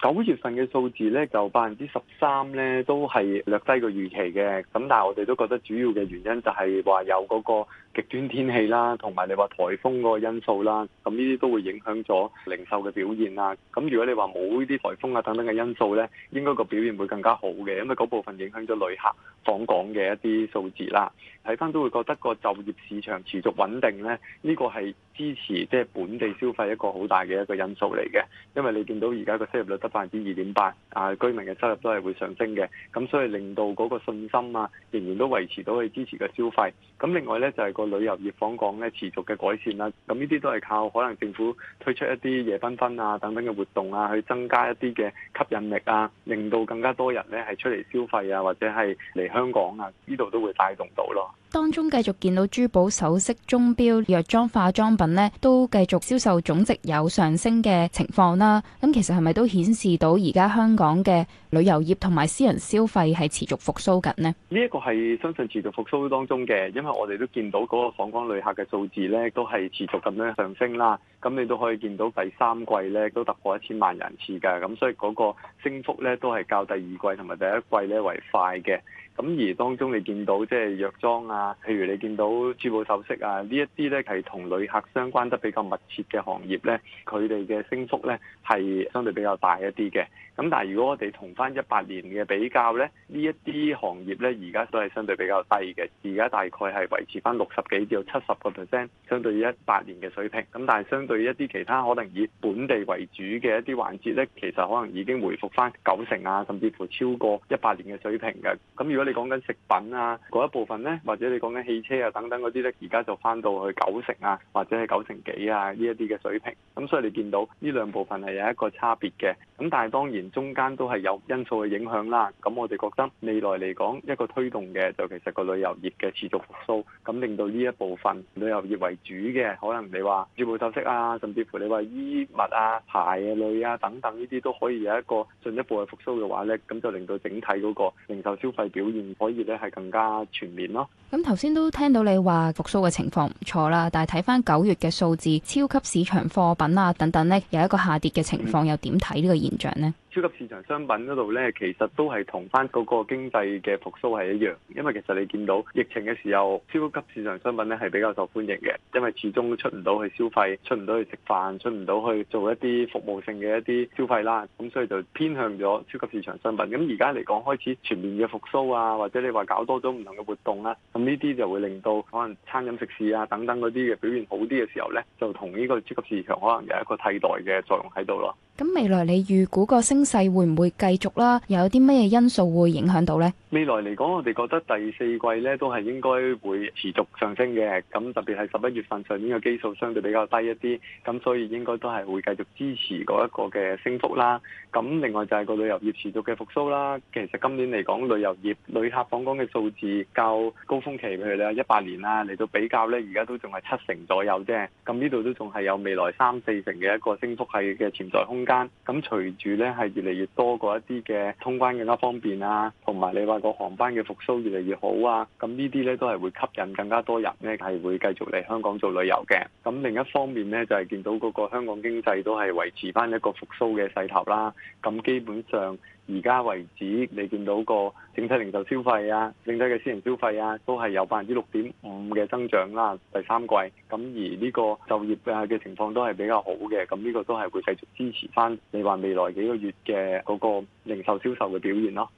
九月份嘅數字咧，就百分之十三咧，都係略低個預期嘅。咁但係我哋都覺得主要嘅原因就係話有嗰個。極端 天氣啦，同埋你話颱風嗰個因素啦，咁呢啲都會影響咗零售嘅表現啦。咁如果你話冇呢啲颱風啊等等嘅因素呢，應該個表現會更加好嘅，因為嗰部分影響咗旅客訪港嘅一啲數字啦。睇返都會覺得個就業市場持續穩定呢，呢、呢個係支持即係、就是、本地消費一個好大嘅一個因素嚟嘅。因為你見到而家個失業率得百分之二點八，啊居民嘅收入都係會上升嘅，咁所以令到嗰個信心啊，仍然都維持到去支持嘅消費。咁另外呢，就係、是那個。旅遊業訪港咧持續嘅改善啦，咁呢啲都係靠可能政府推出一啲夜繽紛啊等等嘅活動啊，去增加一啲嘅吸引力啊，令到更加多人咧係出嚟消費啊，或者係嚟香港啊，呢度都會帶動到咯。當中繼續見到珠寶首飾、鐘表、藥妝、化妝品咧，都繼續銷售總值有上升嘅情況啦。咁其實係咪都顯示到而家香港嘅旅遊業同埋私人消費係持續復蘇緊呢？呢一個係相信持續復蘇當中嘅，因為我哋都見到嗰個訪港旅客嘅數字咧，都係持續咁樣上升啦。咁你都可以見到第三季咧都突破一千萬人次噶，咁所以嗰個升幅咧都係較第二季同埋第一季咧為快嘅。咁而當中你見到即係藥妝啊，譬如你見到珠寶首飾啊，呢一啲呢係同旅客相關得比較密切嘅行業呢，佢哋嘅升幅呢係相對比較大一啲嘅。咁但係如果我哋同翻一八年嘅比較呢，呢一啲行業呢，而家都係相對比較低嘅，而家大概係維持翻六十幾至到七十個 percent，相對於一八年嘅水平。咁但係相對於一啲其他可能以本地為主嘅一啲環節呢，其實可能已經回復翻九成啊，甚至乎超過一八年嘅水平嘅。咁如果你講緊食品啊嗰一部分呢，或者你講緊汽車啊等等嗰啲呢，而家就翻到去九成啊，或者係九成幾啊呢一啲嘅水平。咁所以你見到呢兩部分係有一個差別嘅。咁但係當然中間都係有因素嘅影響啦。咁我哋覺得未來嚟講，一個推動嘅就其實個旅遊業嘅持續復甦，咁令到呢一部分旅遊業為主嘅，可能你話珠寶首飾啊，甚至乎你話衣物啊、鞋嘅類啊等等呢啲都可以有一個進一步嘅復甦嘅話呢，咁就令到整體嗰個零售消費表現。可以咧，係更加全面咯。咁頭先都聽到你話復甦嘅情況唔錯啦，但係睇翻九月嘅數字，超級市場貨品啊等等咧，有一個下跌嘅情況，嗯、又點睇呢個現象呢？超級市場商品嗰度呢，其實都係同翻嗰個經濟嘅復甦係一樣，因為其實你見到疫情嘅時候，超級市場商品呢係比較受歡迎嘅，因為始終都出唔到去消費，出唔到去食飯，出唔到去做一啲服務性嘅一啲消費啦，咁所以就偏向咗超級市場商品。咁而家嚟講開始全面嘅復甦啊，或者你話搞多咗唔同嘅活動啦，咁呢啲就會令到可能餐飲食肆啊等等嗰啲嘅表現好啲嘅時候呢，就同呢個超級市場可能有一個替代嘅作用喺度咯。咁未來你預估個升勢會唔會繼續啦？又有啲乜嘢因素會影響到咧？未來嚟講，我哋覺得第四季咧都係應該會持續上升嘅。咁特別係十一月份上年嘅基數相對比較低一啲，咁所以應該都係會繼續支持嗰一個嘅升幅啦。咁另外就係個旅遊業持續嘅復甦啦。其實今年嚟講，旅遊業旅客訪港嘅數字較高峰期，譬如你話一八年啦，嚟到比較咧而家都仲係七成左右啫。咁呢度都仲係有未來三四成嘅一個升幅係嘅潛在空。咁隨住咧係越嚟越多過一啲嘅通關更加方便啦，啊。同埋，你話個航班嘅復甦越嚟越好啊！咁呢啲咧都係會吸引更加多人咧，係會繼續嚟香港做旅遊嘅。咁另一方面咧，就係見到嗰個香港經濟都係維持翻一個復甦嘅勢頭啦。咁基本上而家為止，你見到個整體零售消費啊、整體嘅私人消費啊，都係有百分之六點五嘅增長啦。第三季，咁而呢個就業啊嘅情況都係比較好嘅，咁呢個都係會繼續支持翻你話未來幾個月嘅嗰個零售銷售嘅表現咯。